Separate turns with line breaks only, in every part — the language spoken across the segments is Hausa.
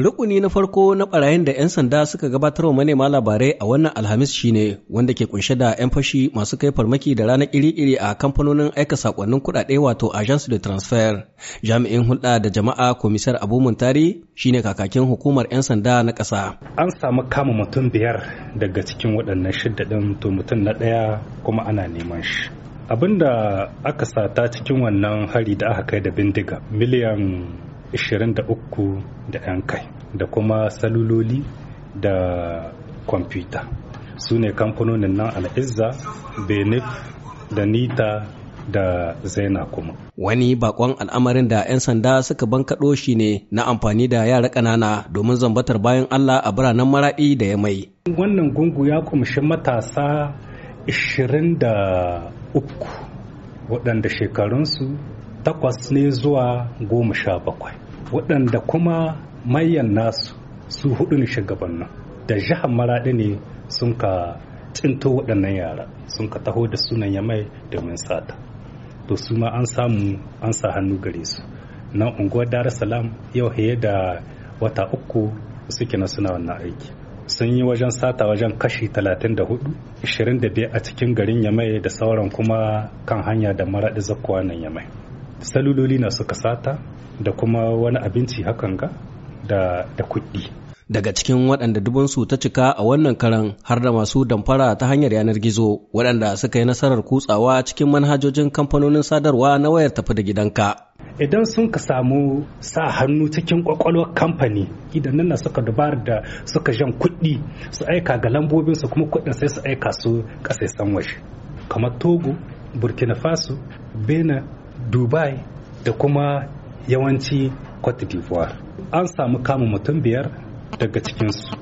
Rukuni na farko na barayin da 'yan sanda suka gabatar wa manema labarai a wannan Alhamis shine wanda ke kunshe da 'yan fashi masu kai farmaki da ranar iri-iri a kamfanonin aika sakonnin kuɗaɗe wato agence de transfer. Jami'in hulɗa da jama'a komisar Abu Muntari shine kakakin hukumar 'yan sanda na ƙasa.
An samu kama mutum biyar daga cikin waɗannan shidda ɗin to mutum na ɗaya kuma ana neman shi. Abin da aka sata cikin wannan hari da aka kai da bindiga miliyan 23 da 'yan kai da kuma saluloli da kwamfuta su ne
kamfanonin nan al'izza benif da nita da zaina kuma wani bakon al'amarin da 'yan sanda suka bankaɗo shi ne na amfani da yara ƙanana domin zambatar bayan allah a biranen maraɗi da ya mai
wannan gungu ya kumshi matasa 23 waɗanda shekarunsu takwas ne zuwa goma sha bakwai waɗanda kuma mayan nasu su hudu ne shugabannin da jihar maraɗi ne sun ka cinto waɗannan yara sun ka taho da sunan ya mai domin sata to su ma an samu an sa hannu gare su nan unguwar dar salam yau haye da wata uku suke na suna wannan aiki sun yi wajen sata wajen kashi 34 25 a cikin garin yamai da sauran kuma kan hanya da maraɗi zakkuwa nan yamai
saluloli na suka sata da kuma wani abinci hakan ga da kuɗi daga cikin waɗanda dubansu ta cika a wannan karan har da masu damfara ta hanyar yanar gizo waɗanda suka yi nasarar kutsawa cikin manhajojin kamfanonin sadarwa na wayar tafi da gidanka.
idan sun ka samu sa hannu cikin kwakwalwar kamfani idan nan suka dubar da suka jan kuɗi su aika ga lambobin su kuma kuɗin sai su aika su ƙasaisan waje kamar togo burkina faso benin dubai da kuma yawanci cote d'ivoire an samu kama mutum biyar daga cikinsu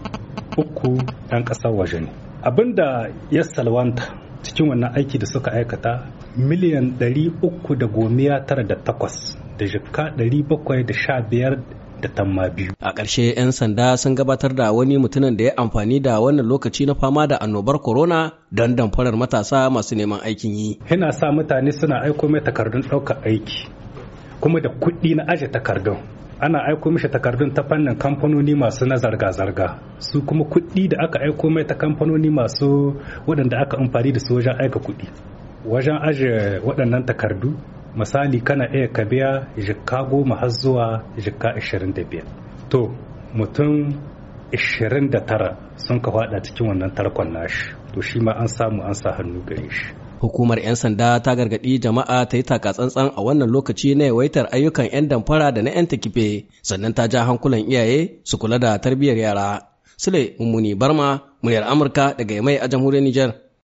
uku 'yan ƙasar waje ne abinda ya salwanta cikin wannan aiki da suka aikata miliyan 318
da da
jikka 715 da tamma biyu.
A ƙarshe 'yan sanda sun gabatar da wani mutumin da ya amfani da wannan lokaci na fama da annobar corona don damfarar matasa masu neman aikin yi. Yana sa mutane suna aiko mai takardun ɗaukar
aiki kuma da kuɗi na aje takardun. Ana aiko mishi takardun ta fannin kamfanoni masu na zarga-zarga su kuma kuɗi da aka aiko mai ta kamfanoni masu waɗanda aka amfani da su wajen aika kuɗi. Wajen aje waɗannan takardu misali kana iya ka biya jikka goma har zuwa jikka ashirin da biyar to mutum ashirin da tara sun ka fada cikin wannan tarkon nashi to shi
ma an samu an sa hannu gare shi hukumar 'yan sanda ta gargaɗi jama'a ta yi takatsantsan a wannan lokaci na yawaitar ayyukan 'yan damfara da na 'yan takife sannan ta ja hankulan iyaye su kula da tarbiyyar yara sule mummuni barma muryar amurka daga yamai a jamhuriyar nijar